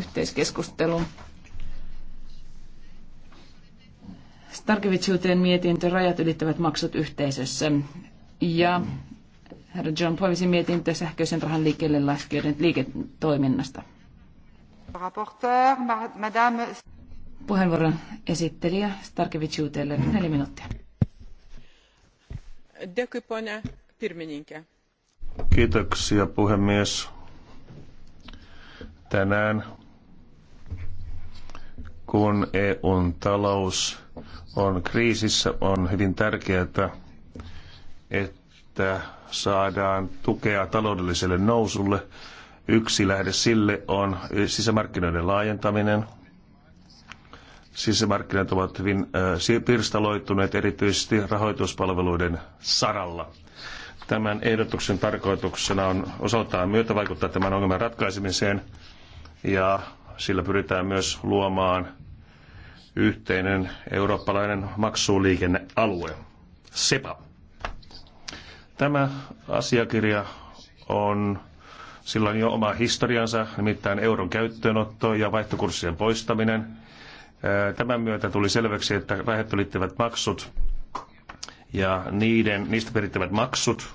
yhteiskeskustelun. Starkevitsiuteen mietintö rajat ylittävät maksut yhteisössä ja herra John Poivisin mietintö sähköisen rahan liikkeelle laskijoiden liiketoiminnasta. madame... Puheenvuoron esittelijä Starkevitsiuteelle neljä minuuttia. Kiitoksia puhemies. Tänään kun EUn talous on kriisissä, on hyvin tärkeää, että saadaan tukea taloudelliselle nousulle. Yksi lähde sille on sisämarkkinoiden laajentaminen. Sisämarkkinat ovat hyvin äh, pirstaloituneet erityisesti rahoituspalveluiden saralla. Tämän ehdotuksen tarkoituksena on osaltaan myötävaikuttaa tämän ongelman ratkaisemiseen ja sillä pyritään myös luomaan yhteinen eurooppalainen maksuliikennealue, SEPA. Tämä asiakirja on sillä jo oma historiansa, nimittäin euron käyttöönotto ja vaihtokurssien poistaminen. Tämän myötä tuli selväksi, että rahat maksut ja niiden, niistä perittävät maksut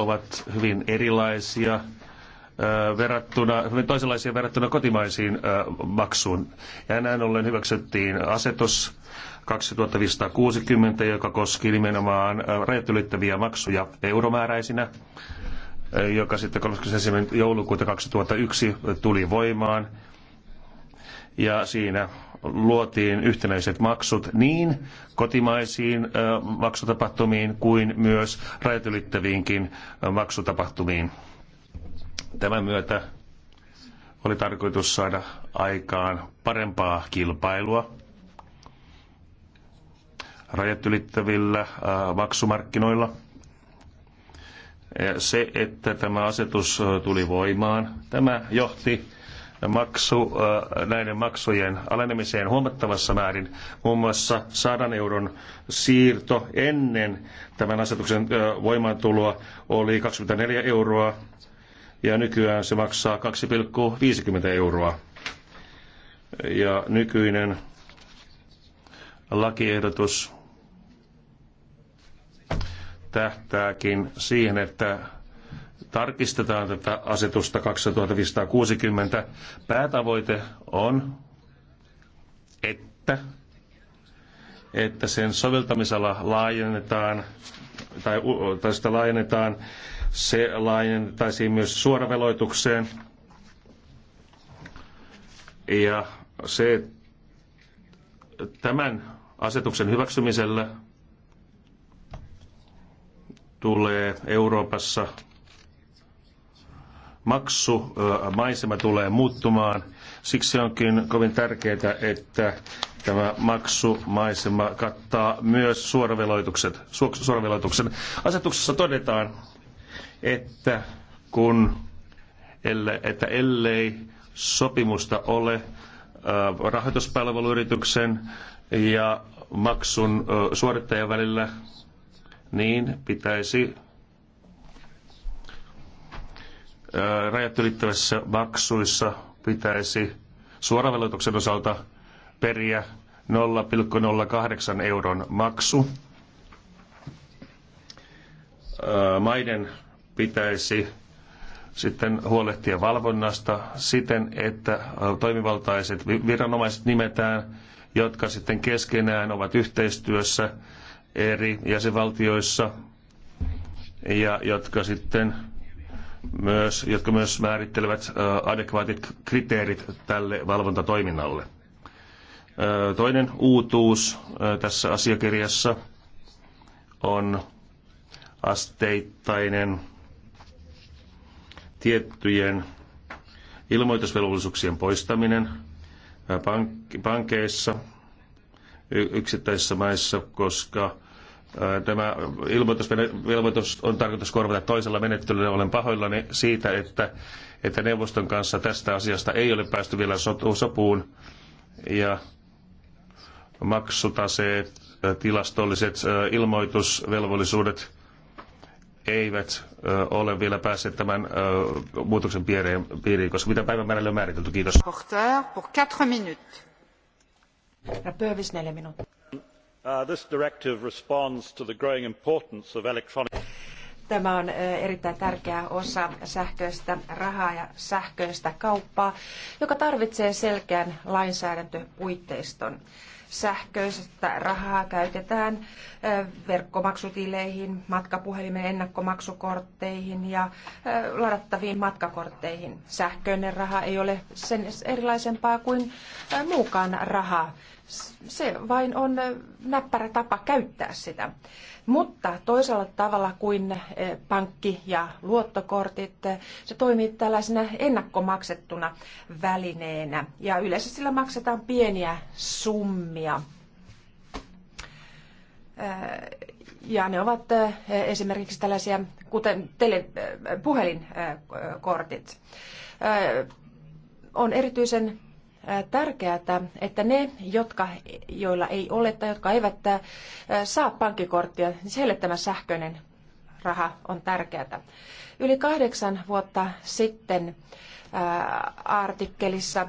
ovat hyvin erilaisia verrattuna, hyvin toisenlaisia verrattuna kotimaisiin maksuun. Ja näin ollen hyväksyttiin asetus 2560, joka koski nimenomaan rajat ylittäviä maksuja euromääräisinä joka sitten 31. joulukuuta 2001 tuli voimaan ja siinä luotiin yhtenäiset maksut niin kotimaisiin maksutapahtumiin kuin myös rajat ylittäviinkin maksutapahtumiin. Tämän myötä oli tarkoitus saada aikaan parempaa kilpailua rajat ylittävillä maksumarkkinoilla. Se, että tämä asetus tuli voimaan, tämä johti maksu, äh, näiden maksujen alenemiseen huomattavassa määrin. Muun muassa 100 euron siirto ennen tämän asetuksen äh, voimaantuloa oli 24 euroa ja nykyään se maksaa 2,50 euroa. Ja nykyinen lakiehdotus tähtääkin siihen, että tarkistetaan tätä asetusta 2560. Päätavoite on, että, että sen soveltamisala laajennetaan tai, tai sitä laajennetaan, se laajennettaisiin myös suoraveloitukseen. Ja se tämän asetuksen hyväksymisellä tulee Euroopassa maksumaisema tulee muuttumaan. Siksi onkin kovin tärkeää, että tämä maksumaisema kattaa myös suoraveloitukset. suoraveloituksen. Asetuksessa todetaan, että kun elle, että ellei sopimusta ole rahoituspalveluyrityksen ja maksun suorittajan välillä, niin pitäisi rajat ylittävissä maksuissa pitäisi suoravelotuksen osalta periä 0,08 euron maksu. Maiden pitäisi sitten huolehtia valvonnasta siten, että toimivaltaiset viranomaiset nimetään, jotka sitten keskenään ovat yhteistyössä eri jäsenvaltioissa ja jotka sitten myös, jotka myös määrittelevät adekvaatit kriteerit tälle valvontatoiminnalle. Toinen uutuus tässä asiakirjassa on asteittainen tiettyjen ilmoitusvelvollisuuksien poistaminen pankeissa, yksittäisissä maissa, koska Tämä ilmoitus on tarkoitus korvata toisella menettelyllä. Olen pahoillani siitä, että, että neuvoston kanssa tästä asiasta ei ole päästy vielä sopuun. Ja maksutaseet, tilastolliset ilmoitusvelvollisuudet eivät ole vielä päässeet tämän muutoksen piiriin, koska mitä päivämäärällä on määritelty. Kiitos. Porteur 4 minutes. Uh, this directive responds to the growing importance of electronic Tämä on uh, erittäin tärkeä osa sähköistä rahaa ja sähköistä kauppaa, joka tarvitsee selkeän lainsäädäntöpuitteiston sähköistä rahaa käytetään verkkomaksutileihin, matkapuhelimen ennakkomaksukortteihin ja ladattaviin matkakortteihin. Sähköinen raha ei ole sen erilaisempaa kuin muukaan rahaa. Se vain on näppärä tapa käyttää sitä. Mutta toisella tavalla kuin pankki- ja luottokortit, se toimii tällaisena ennakkomaksettuna välineenä. Ja yleensä sillä maksetaan pieniä summia ongelmia. Ja ne ovat esimerkiksi tällaisia, kuten tele, puhelinkortit. On erityisen tärkeää, että ne, jotka, joilla ei ole tai jotka eivät saa pankkikorttia, niin heille tämä sähköinen raha on tärkeää. Yli kahdeksan vuotta sitten artikkelissa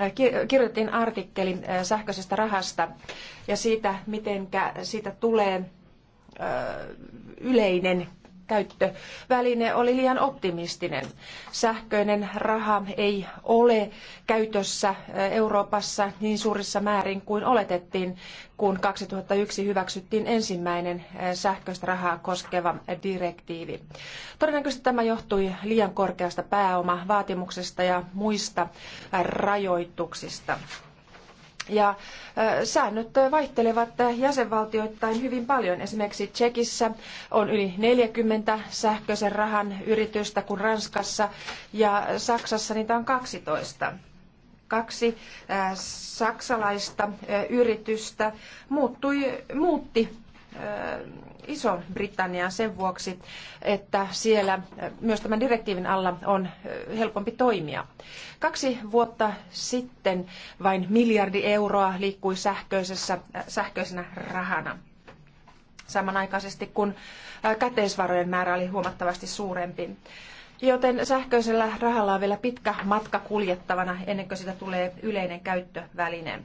Äh, kirjoitin artikkeli äh, sähköisestä rahasta ja siitä, miten siitä tulee äh, yleinen käyttöväline oli liian optimistinen. Sähköinen raha ei ole käytössä Euroopassa niin suurissa määrin kuin oletettiin, kun 2001 hyväksyttiin ensimmäinen sähköistä rahaa koskeva direktiivi. Todennäköisesti tämä johtui liian korkeasta pääomavaatimuksesta ja muista rajoituksista. Ja säännöt vaihtelevat jäsenvaltioittain hyvin paljon. Esimerkiksi Tsekissä on yli 40 sähköisen rahan yritystä kuin Ranskassa ja Saksassa niitä on 12. Kaksi saksalaista yritystä muuttui, muutti Iso-Britanniaan sen vuoksi, että siellä myös tämän direktiivin alla on helpompi toimia. Kaksi vuotta sitten vain miljardi euroa liikkui sähköisessä, sähköisenä rahana samanaikaisesti kun käteisvarojen määrä oli huomattavasti suurempi. Joten sähköisellä rahalla on vielä pitkä matka kuljettavana ennen kuin sitä tulee yleinen käyttöväline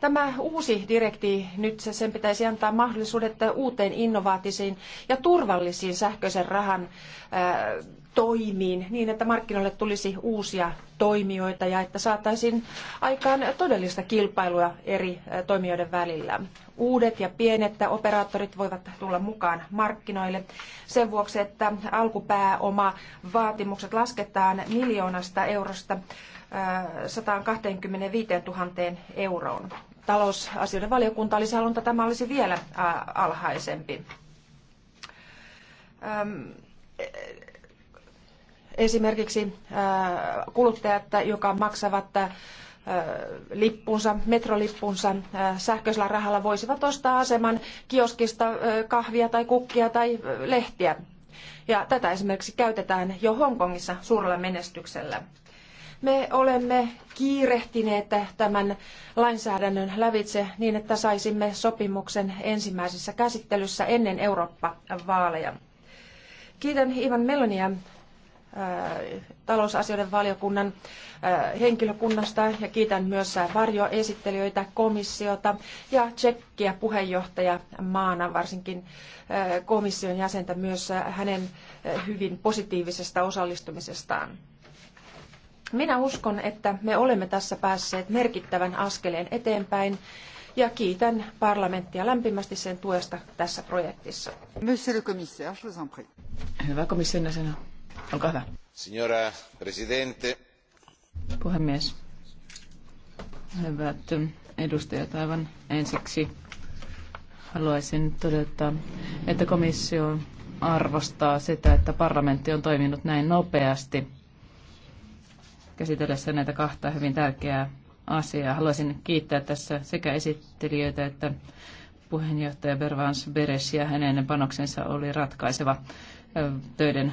tämä uusi direktiivi, nyt sen pitäisi antaa mahdollisuudet uuteen innovaatisiin ja turvallisiin sähköisen rahan toimiin niin, että markkinoille tulisi uusia toimijoita ja että saataisiin aikaan todellista kilpailua eri toimijoiden välillä. Uudet ja pienet operaattorit voivat tulla mukaan markkinoille sen vuoksi, että alkupääoma vaatimukset lasketaan miljoonasta eurosta 125 000 euroon talousasioiden valiokunta olisi halunnut, että tämä olisi vielä alhaisempi. Esimerkiksi kuluttajat, jotka maksavat lippunsa, metrolippunsa sähköisellä rahalla voisivat ostaa aseman kioskista kahvia tai kukkia tai lehtiä. Ja tätä esimerkiksi käytetään jo Hongkongissa suurella menestyksellä. Me olemme kiirehtineet tämän lainsäädännön lävitse niin, että saisimme sopimuksen ensimmäisessä käsittelyssä ennen Eurooppa-vaaleja. Kiitän Ivan Melonia äh, talousasioiden valiokunnan äh, henkilökunnasta ja kiitän myös varjoesittelijöitä, komissiota ja tsekkiä puheenjohtaja maana, varsinkin äh, komission jäsentä myös hänen hyvin positiivisesta osallistumisestaan. Minä uskon, että me olemme tässä päässeet merkittävän askeleen eteenpäin ja kiitän parlamenttia lämpimästi sen tuesta tässä projektissa. Monsieur le commissaire, je vous en prie. Hyvä komission jäsen, olkaa hyvä. Signora Presidente. Puhemies. Hyvät edustajat, aivan ensiksi haluaisin todeta, että komissio arvostaa sitä, että parlamentti on toiminut näin nopeasti – käsitellessä näitä kahta hyvin tärkeää asiaa. Haluaisin kiittää tässä sekä esittelijöitä että puheenjohtaja Bervans Beres ja hänen panoksensa oli ratkaiseva töiden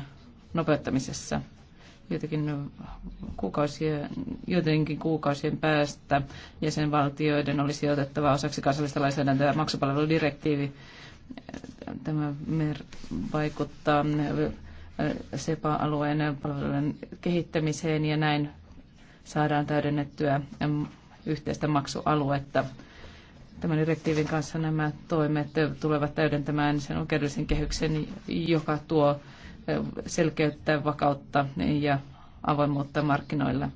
nopeuttamisessa. Joitakin kuukausia, jotenkin kuukausien päästä jäsenvaltioiden olisi otettava osaksi kansallista lainsäädäntöä maksupalveludirektiivi. Tämä vaikuttaa SEPA-alueen palvelujen kehittämiseen ja näin saadaan täydennettyä yhteistä maksualuetta. Tämän direktiivin kanssa nämä toimet tulevat täydentämään sen oikeudellisen kehyksen, joka tuo selkeyttä, vakautta ja avoimuutta markkinoilla.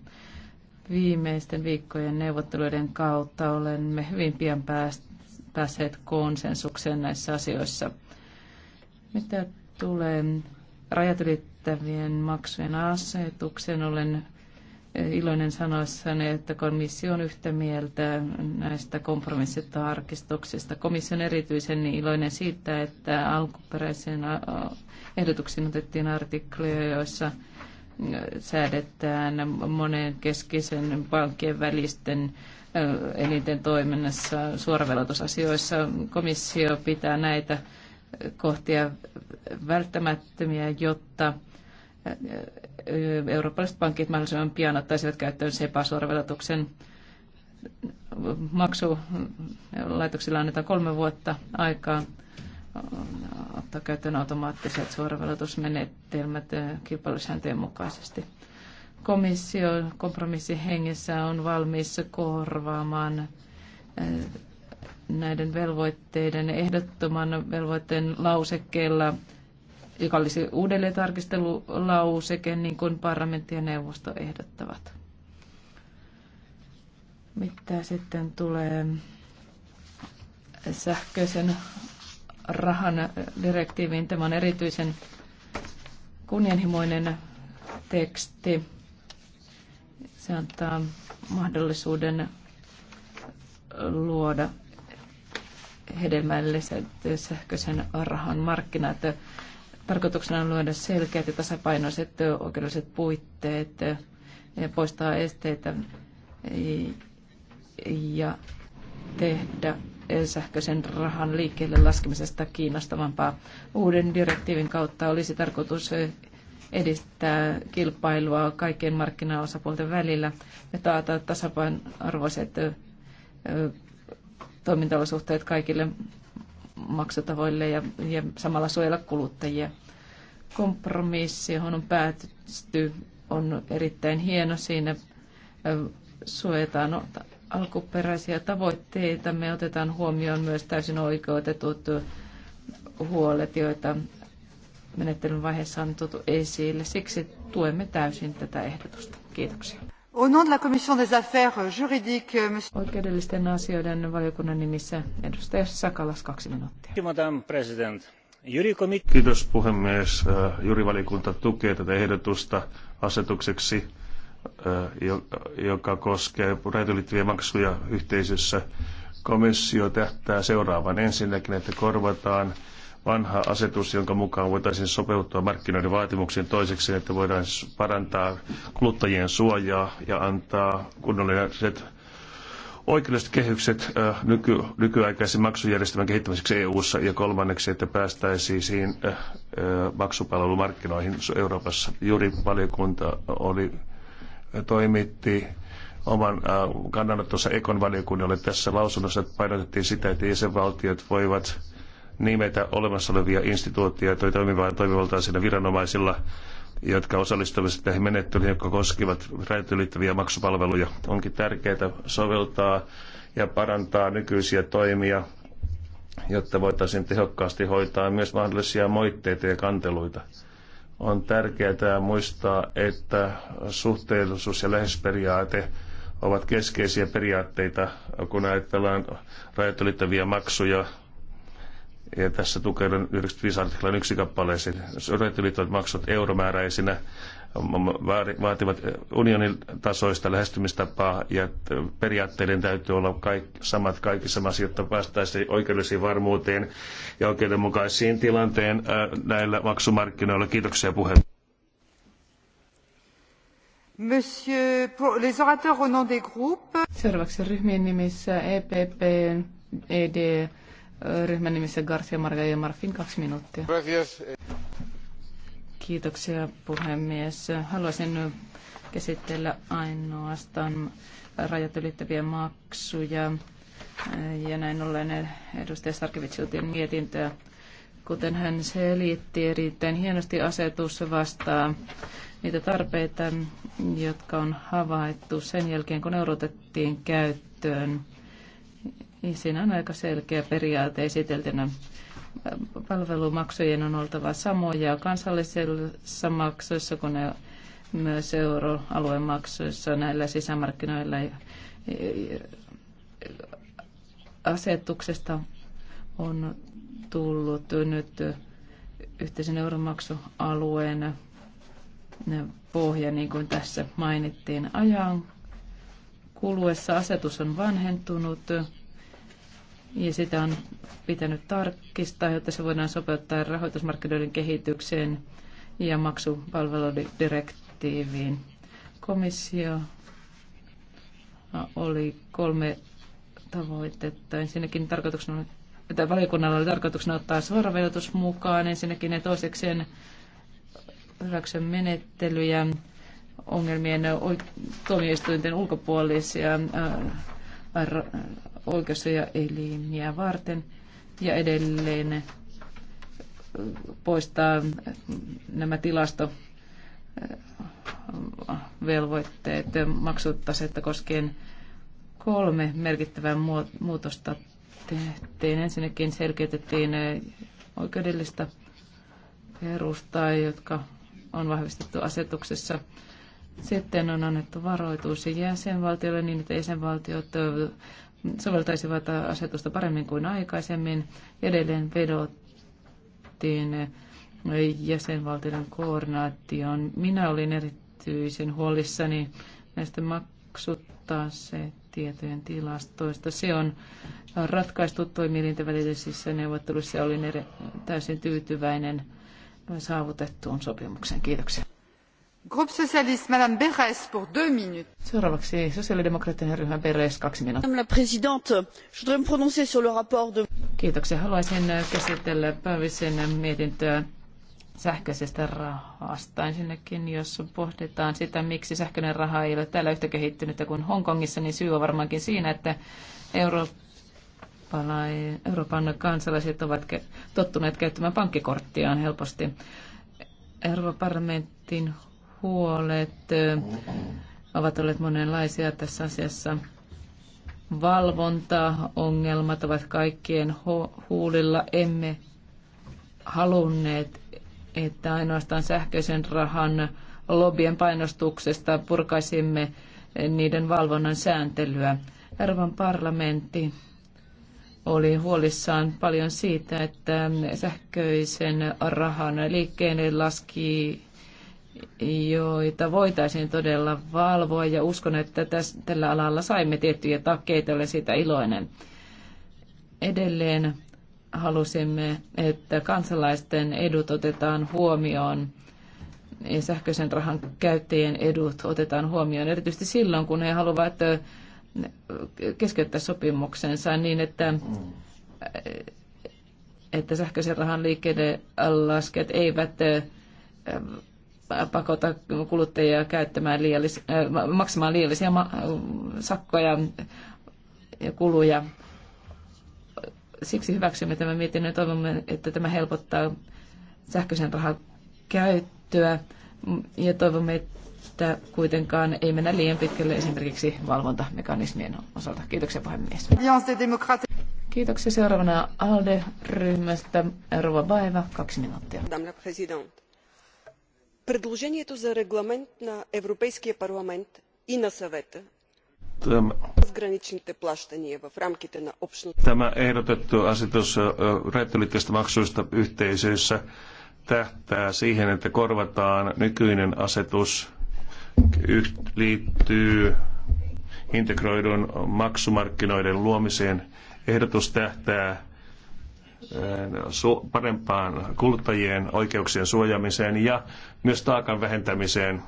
Viimeisten viikkojen neuvotteluiden kautta olemme hyvin pian päässeet konsensukseen näissä asioissa. Mitä tulee rajat ylittävien maksujen asetuksen. Olen iloinen sanoessani, että komissio on yhtä mieltä näistä kompromissitarkistuksista. Komissio on erityisen iloinen siitä, että alkuperäisen ehdotuksen otettiin artikloja, joissa säädetään monen keskisen pankkien välisten elinten toiminnassa suoravelotusasioissa. Komissio pitää näitä kohtia välttämättömiä, jotta eurooppalaiset pankit mahdollisimman pian ottaisivat käyttöön SEPA-suoravelotuksen maksulaitoksilla annetaan kolme vuotta aikaa ottaa käyttöön automaattiset suoravelotusmenetelmät kilpailusääntöjen mukaisesti. Komissio kompromissihengessä on valmis korvaamaan näiden velvoitteiden ehdottoman velvoitteen lausekkeella, joka olisi uudelleen tarkistelulauseke, niin kuin parlamentti ja neuvosto ehdottavat. Mitä sitten tulee sähköisen rahan direktiiviin? Tämä on erityisen kunnianhimoinen teksti. Se antaa mahdollisuuden luoda hedelmälliset sähköisen rahan markkinat. Tarkoituksena on luoda selkeät ja tasapainoiset oikeudelliset puitteet ja poistaa esteitä ja tehdä sähköisen rahan liikkeelle laskemisesta kiinnostavampaa. Uuden direktiivin kautta olisi tarkoitus edistää kilpailua kaikkien markkinaosapuolten välillä ja taata tasapainoarvoiset toimintaolosuhteet kaikille maksatavoille ja, ja samalla suojella kuluttajia. Kompromissi, johon on päätetty, on erittäin hieno. Siinä suojataan alkuperäisiä tavoitteita. Me otetaan huomioon myös täysin oikeutetut huolet, joita menettelyn vaiheessa on tuotu esille. Siksi tuemme täysin tätä ehdotusta. Kiitoksia. Euh, euh, Oikeudellisten asioiden valiokunnan nimissä edustaja Sakalas kaksi minuuttia. Madame Kiitos puhemies. Äh, jurivaliokunta tukee tätä ehdotusta asetukseksi, äh, joka koskee räätylittäviä maksuja yhteisössä. Komissio tähtää seuraavan ensinnäkin, että korvataan vanha asetus, jonka mukaan voitaisiin sopeutua markkinoiden vaatimuksiin toiseksi, että voidaan parantaa kuluttajien suojaa ja antaa kunnolliset oikeudelliset kehykset nyky, nykyaikaisen maksujärjestelmän kehittämiseksi EU-ssa ja kolmanneksi, että päästäisiin siihen maksupalvelumarkkinoihin Euroopassa. Juuri valiokunta oli, toimitti oman kannanottonsa Ekon valiokunnalle tässä lausunnossa painotettiin sitä, että jäsenvaltiot voivat nimetä olemassa olevia instituutioita toimivaan toimivaltaisilla viranomaisilla, jotka osallistuvat näihin menettelyihin, jotka koskevat rajat ylittäviä maksupalveluja. Onkin tärkeää soveltaa ja parantaa nykyisiä toimia, jotta voitaisiin tehokkaasti hoitaa myös mahdollisia moitteita ja kanteluita. On tärkeää muistaa, että suhteellisuus ja lähesperiaate ovat keskeisiä periaatteita, kun ajatellaan rajat ylittäviä maksuja ja tässä tukeudun 95 artiklan yksi kappaleeseen. Sotilasliitot maksut euromääräisinä vaativat unionin tasoista lähestymistapaa ja periaatteiden täytyy olla kaik- samat kaikissa maissa, jotta päästäisiin oikeudelliseen varmuuteen ja oikeudenmukaisiin tilanteen näillä maksumarkkinoilla. Kiitoksia puheenjohtaja. Monsieur, les orateurs au nom des groupes. Seuraavaksi ryhmien nimissä EPP, ED, ryhmän nimissä Garcia Marga ja Marfin kaksi minuuttia. Kiitoksia puhemies. Haluaisin käsitellä ainoastaan rajat ylittäviä maksuja ja näin ollen edustaja Starkevitsiltin mietintöä. Kuten hän selitti, erittäin hienosti asetus vastaa niitä tarpeita, jotka on havaittu sen jälkeen, kun eurotettiin käyttöön niin, siinä on aika selkeä periaate esiteltynä. Palvelumaksujen on oltava samoja kansallisissa maksuissa kuin ne myös euroalueen maksuissa näillä sisämarkkinoilla asetuksesta on tullut nyt yhteisen euromaksualueen pohja, niin kuin tässä mainittiin ajan kuluessa. Asetus on vanhentunut ja sitä on pitänyt tarkistaa, jotta se voidaan sopeuttaa rahoitusmarkkinoiden kehitykseen ja maksupalveludirektiiviin. Komissio oli kolme tavoitetta. Ensinnäkin tarkoituksena että valiokunnalla oli tarkoituksena ottaa suoravedotus mukaan ensinnäkin ja toisekseen hyväksyä menettelyjä ongelmien tuomioistuinten ulkopuolisia oikeussuoja elimiä varten ja edelleen poistaa nämä tilasto velvoitteet maksutasetta koskien kolme merkittävää muutosta tehtiin. Ensinnäkin selkeytettiin oikeudellista perustaa, jotka on vahvistettu asetuksessa. Sitten on annettu varoitus jäsenvaltiolle niin, että jäsenvaltiot soveltaisivat asetusta paremmin kuin aikaisemmin. Edelleen vedottiin jäsenvaltioiden koordinaation. Minä olin erityisen huolissani näistä maksuttaa se tietojen tilastoista. Se on ratkaistu toimielinten välisissä neuvotteluissa ja olin eri, täysin tyytyväinen saavutettuun sopimukseen. Kiitoksia. Seuraavaksi sosiaalidemokraattinen minuuttia. Madame la présidente, je voudrais me prononcer sur le rapport de... Kiitoksia. Haluaisin äh, käsitellä päivisin mietintöä sähköisestä rahasta. Ensinnäkin, jos pohditaan sitä, miksi sähköinen raha ei ole täällä yhtä kehittynyttä kuin Hongkongissa, niin syy on varmaankin siinä, että Euroopan kansalaiset ovat tottuneet käyttämään pankkikorttiaan helposti. Euroopan parlamentin huolet ovat olleet monenlaisia tässä asiassa. Valvontaongelmat ovat kaikkien huulilla. Emme halunneet, että ainoastaan sähköisen rahan lobien painostuksesta purkaisimme niiden valvonnan sääntelyä. Euroopan parlamentti oli huolissaan paljon siitä, että sähköisen rahan liikkeelle laski joita voitaisiin todella valvoa ja uskon, että täs, tällä alalla saimme tiettyjä takkeita, olen siitä iloinen. Edelleen halusimme, että kansalaisten edut otetaan huomioon ja sähköisen rahan käyttäjien edut otetaan huomioon, erityisesti silloin, kun he haluavat keskeyttää sopimuksensa niin, että, että sähköisen rahan liikkeelle laskeet eivät pakota kuluttajia käyttämään liiallis, äh, maksamaan liiallisia ma- sakkoja ja kuluja. Siksi hyväksymme tämän mietinnön ja toivomme, että tämä helpottaa sähköisen rahan käyttöä ja toivomme, että kuitenkaan ei mennä liian pitkälle esimerkiksi valvontamekanismien osalta. Kiitoksia puhemies. Kiitoksia. Seuraavana ALDE-ryhmästä Rova Baeva, kaksi minuuttia. Madame la présidente предложението за регламент на европейския парламент и на съвета трансграничните плащания в рамките на общността. Tämä ehdotettu asetus rajattelikästä maksuista yhteisöissä tähtää siihen, että korvataan nykyinen asetus liittyy integroidun maksumarkkinoiden luomiseen. Ehdotus tähtää parempaan kuluttajien oikeuksien suojaamiseen ja myös taakan vähentämiseen.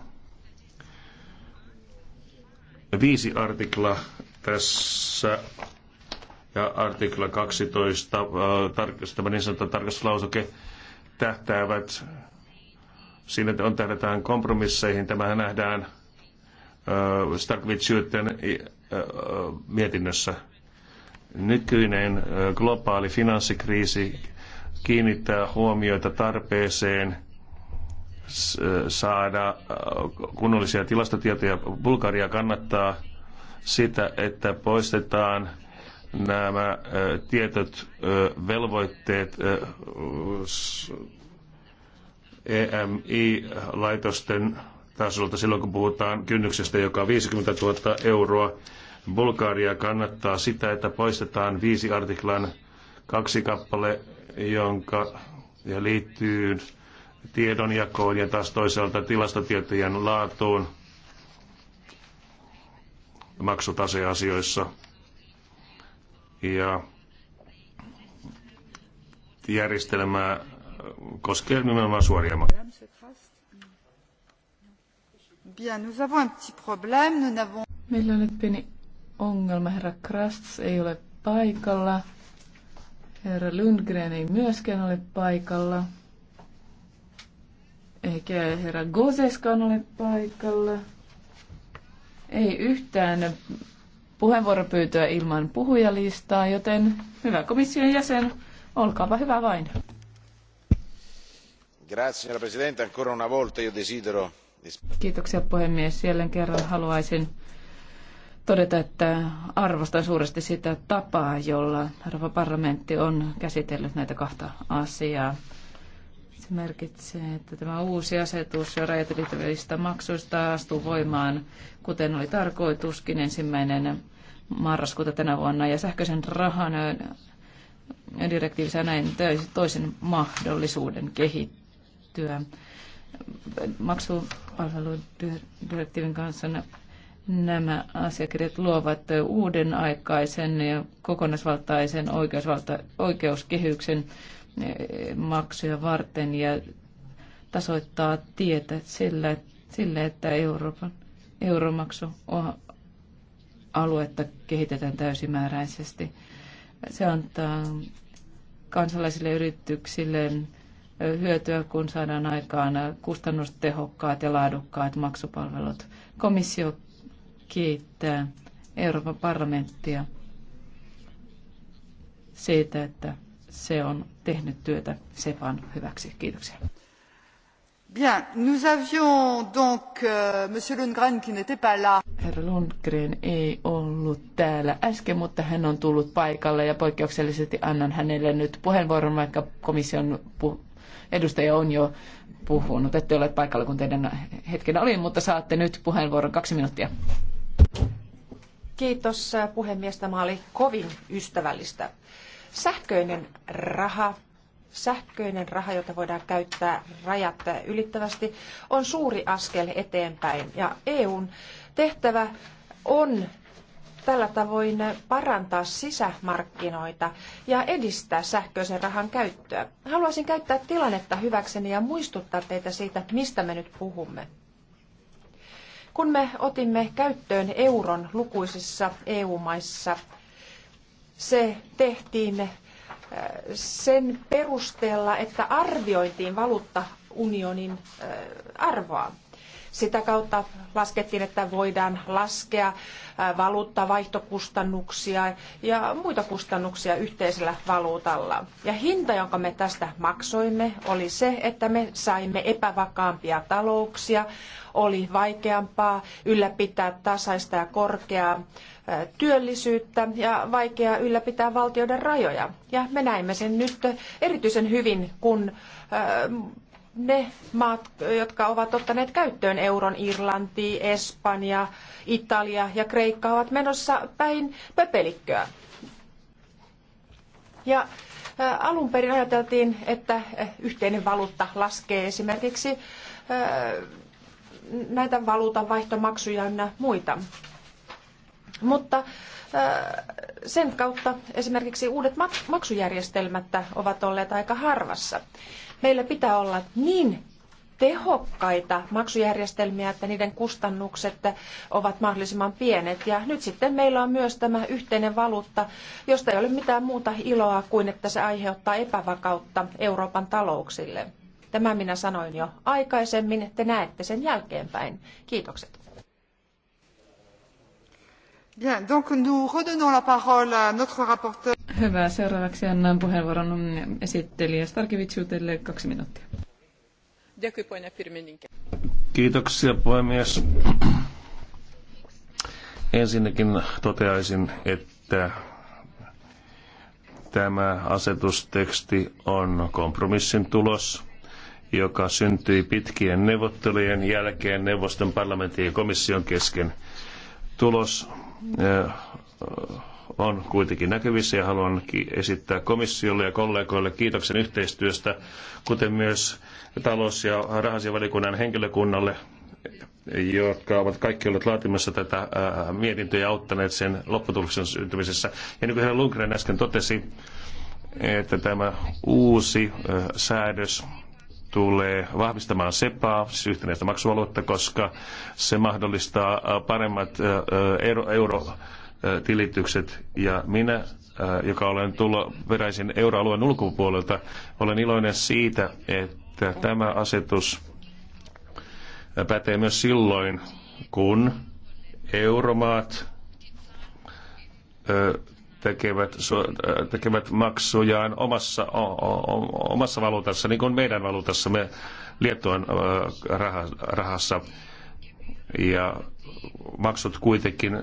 Viisi artikla tässä ja artikla 12, tämä niin sanottu tarkastuslauseke, tähtäävät, siinä on tähdätään kompromisseihin, tämähän nähdään Starkvitsyytten mietinnössä nykyinen globaali finanssikriisi kiinnittää huomioita tarpeeseen saada kunnollisia tilastotietoja. Bulgaria kannattaa sitä, että poistetaan nämä tietyt velvoitteet EMI-laitosten tasolta silloin, kun puhutaan kynnyksestä, joka on 50 000 euroa Bulgaria kannattaa sitä, että poistetaan viisi artiklan kaksi kappale, jonka ja liittyy tiedonjakoon ja taas toisaalta tilastotietojen laatuun maksutaseasioissa ja järjestelmää koskee nimenomaan suoria maksuja. Meillä on nyt pieni ongelma. Herra Krasts ei ole paikalla. Herra Lundgren ei myöskään ole paikalla. Eikä herra Goseskaan ole paikalla. Ei yhtään puheenvuoropyyntöä ilman puhujalistaa, joten hyvä komission jäsen, olkaapa hyvä vain. Grazie, herra presidente. Ancora una volta io desidero... Kiitoksia puhemies. Jälleen kerran haluaisin todeta, että arvostan suuresti sitä tapaa, jolla Euroopan parlamentti on käsitellyt näitä kahta asiaa. Se merkitsee, että tämä uusi asetus ja rajat maksuista astuu voimaan, kuten oli tarkoituskin ensimmäinen marraskuuta tänä vuonna, ja sähköisen rahan direktiivissä näin toisen mahdollisuuden kehittyä maksupalveludirektiivin kanssa nämä asiakirjat luovat uuden aikaisen ja kokonaisvaltaisen oikeusvalta, oikeuskehyksen maksuja varten ja tasoittaa tietä sillä, sillä että Euroopan euromaksu aluetta kehitetään täysimääräisesti. Se antaa kansalaisille yrityksille hyötyä, kun saadaan aikaan kustannustehokkaat ja laadukkaat maksupalvelut. Komissio kiittää Euroopan parlamenttia siitä, että se on tehnyt työtä SEPAn hyväksi. Kiitoksia. Bien, nous avions donc euh, Monsieur Lundgren qui n'était pas là. Herra Lundgren ei ollut täällä äsken, mutta hän on tullut paikalle ja poikkeuksellisesti annan hänelle nyt puheenvuoron, vaikka komission pu- edustaja on jo puhunut. Ette ole paikalla, kun teidän hetkenä oli, mutta saatte nyt puheenvuoron kaksi minuuttia. Kiitos äh, puhemies, tämä oli kovin ystävällistä. Sähköinen raha, sähköinen raha, jota voidaan käyttää rajat ylittävästi, on suuri askel eteenpäin. Ja EUn tehtävä on tällä tavoin parantaa sisämarkkinoita ja edistää sähköisen rahan käyttöä. Haluaisin käyttää tilannetta hyväkseni ja muistuttaa teitä siitä, mistä me nyt puhumme. Kun me otimme käyttöön euron lukuisissa EU-maissa, se tehtiin äh, sen perusteella, että arvioitiin valuuttaunionin äh, arvoa. Sitä kautta laskettiin, että voidaan laskea valuuttavaihtokustannuksia ja muita kustannuksia yhteisellä valuutalla. Ja hinta, jonka me tästä maksoimme, oli se, että me saimme epävakaampia talouksia, oli vaikeampaa ylläpitää tasaista ja korkeaa työllisyyttä ja vaikeaa ylläpitää valtioiden rajoja. Ja me näimme sen nyt erityisen hyvin, kun ne maat, jotka ovat ottaneet käyttöön euron, Irlanti, Espanja, Italia ja Kreikka, ovat menossa päin pöpelikköä. Ja alun perin ajateltiin, että yhteinen valuutta laskee esimerkiksi näitä valuutan vaihtomaksuja ja muita. Mutta sen kautta esimerkiksi uudet maksujärjestelmät ovat olleet aika harvassa. Meillä pitää olla niin tehokkaita maksujärjestelmiä, että niiden kustannukset ovat mahdollisimman pienet. Ja nyt sitten meillä on myös tämä yhteinen valuutta, josta ei ole mitään muuta iloa kuin, että se aiheuttaa epävakautta Euroopan talouksille. Tämä minä sanoin jo aikaisemmin, te näette sen jälkeenpäin. Kiitokset. Bien, donc nous redonnons la parole à notre rapporteur. Hyvä, seuraavaksi annan puheenvuoron esittelijä Starkivitsiutelle kaksi minuuttia. Kiitoksia puhemies. Ensinnäkin toteaisin, että tämä asetusteksti on kompromissin tulos, joka syntyi pitkien neuvottelujen jälkeen neuvoston parlamentin ja komission kesken. Tulos on kuitenkin näkyvissä ja haluan esittää komissiolle ja kollegoille kiitoksen yhteistyöstä, kuten myös talous- ja rahasiavalikunnan henkilökunnalle, jotka ovat kaikki olleet laatimassa tätä mietintöä ja auttaneet sen lopputuloksen syntymisessä. Ja niin kuin herra Lundgren äsken totesi, että tämä uusi säädös tulee vahvistamaan SEPAa, siis yhtenäistä maksualuetta, koska se mahdollistaa äh, paremmat äh, äh, euro, eurotilitykset. Ja minä, joka olen tullut peräisin euroalueen ulkopuolelta, olen iloinen siitä, että tämä asetus pätee myös silloin, kun euromaat tekevät, äh, tekevät maksujaan omassa, omassa valuutassa, niin kuin meidän valuutassamme Liettuan äh, rahassa. Ja maksut kuitenkin, äh,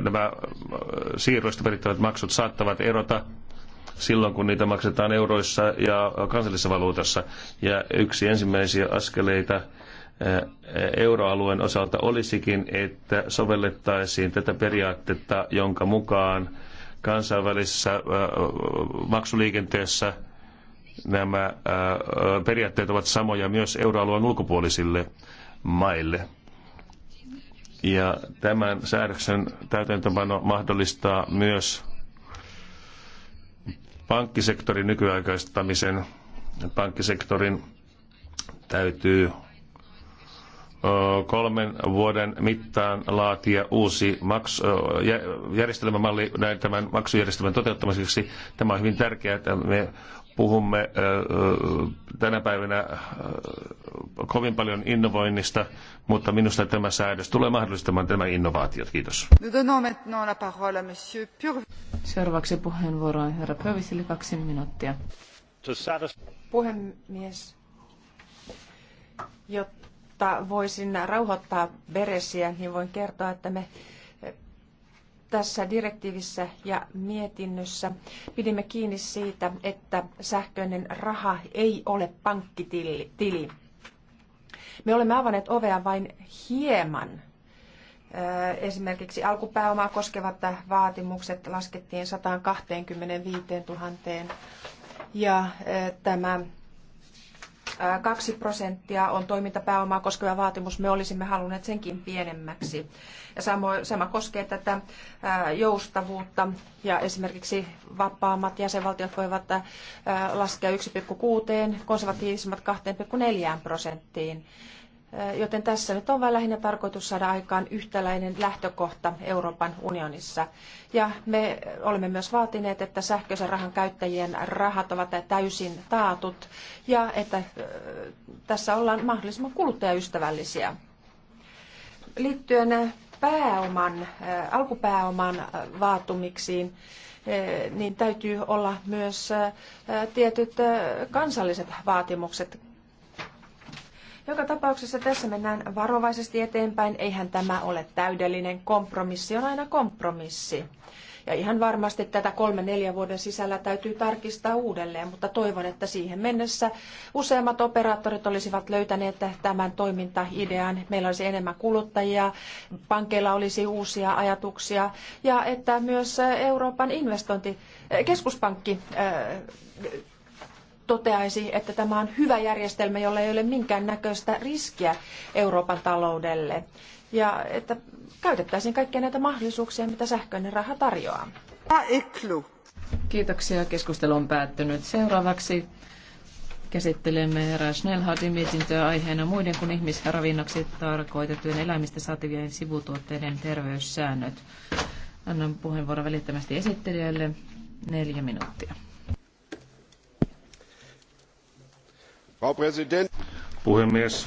nämä siirroista perittävät maksut saattavat erota silloin, kun niitä maksetaan euroissa ja kansallisessa valuutassa. Ja yksi ensimmäisiä askeleita euroalueen osalta olisikin, että sovellettaisiin tätä periaatetta, jonka mukaan kansainvälisessä maksuliikenteessä nämä periaatteet ovat samoja myös euroalueen ulkopuolisille maille. Ja tämän säädöksen täytäntöpano mahdollistaa myös pankkisektorin nykyaikaistamisen. Pankkisektorin täytyy kolmen vuoden mittaan laatia uusi maks, järjestelmämalli näin tämän maksujärjestelmän toteuttamiseksi. Tämä on hyvin tärkeää, että me puhumme tänä päivänä kovin paljon innovoinnista, mutta minusta tämä säädös tulee mahdollistamaan tämä innovaatiot. Kiitos. Seuraavaksi puheenvuoro on herra Pövisille kaksi minuuttia. Puhemies, jotta jotta voisin rauhoittaa veresiä, niin voin kertoa, että me tässä direktiivissä ja mietinnössä pidimme kiinni siitä, että sähköinen raha ei ole pankkitili. Me olemme avanneet ovea vain hieman. Esimerkiksi alkupääomaa koskevat vaatimukset laskettiin 125 000 ja tämä 2 prosenttia on toimintapääomaa koskeva vaatimus. Me olisimme halunneet senkin pienemmäksi. Ja sama koskee tätä joustavuutta. Ja esimerkiksi vapaammat jäsenvaltiot voivat laskea 1,6, konservatiivisimmat 2,4 prosenttiin. Eh, joten tässä nyt on vain lähinnä tarkoitus saada aikaan yhtäläinen lähtökohta Euroopan unionissa. Ja me olemme myös vaatineet, että sähköisen rahan käyttäjien rahat ovat täysin taatut ja että eh, tässä ollaan mahdollisimman kuluttajaystävällisiä. Liittyen eh, pääoman, alkupääoman vaatumiksiin, niin täytyy olla myös tietyt kansalliset vaatimukset joka tapauksessa tässä mennään varovaisesti eteenpäin. Eihän tämä ole täydellinen kompromissi, on aina kompromissi. Ja ihan varmasti tätä kolme neljä vuoden sisällä täytyy tarkistaa uudelleen, mutta toivon, että siihen mennessä useammat operaattorit olisivat löytäneet tämän toimintaidean. Meillä olisi enemmän kuluttajia, pankeilla olisi uusia ajatuksia ja että myös Euroopan investointi, keskuspankki toteaisi, että tämä on hyvä järjestelmä, jolla ei ole minkäännäköistä riskiä Euroopan taloudelle. Ja että käytettäisiin kaikkia näitä mahdollisuuksia, mitä sähköinen raha tarjoaa. Kiitoksia. Keskustelu on päättynyt. Seuraavaksi käsittelemme herra Schnellhardin mietintöä aiheena muiden kuin ihmisravinnoksi tarkoitettujen eläimistä saativien sivutuotteiden terveyssäännöt. Annan puheenvuoron välittömästi esittelijälle neljä minuuttia. puhemies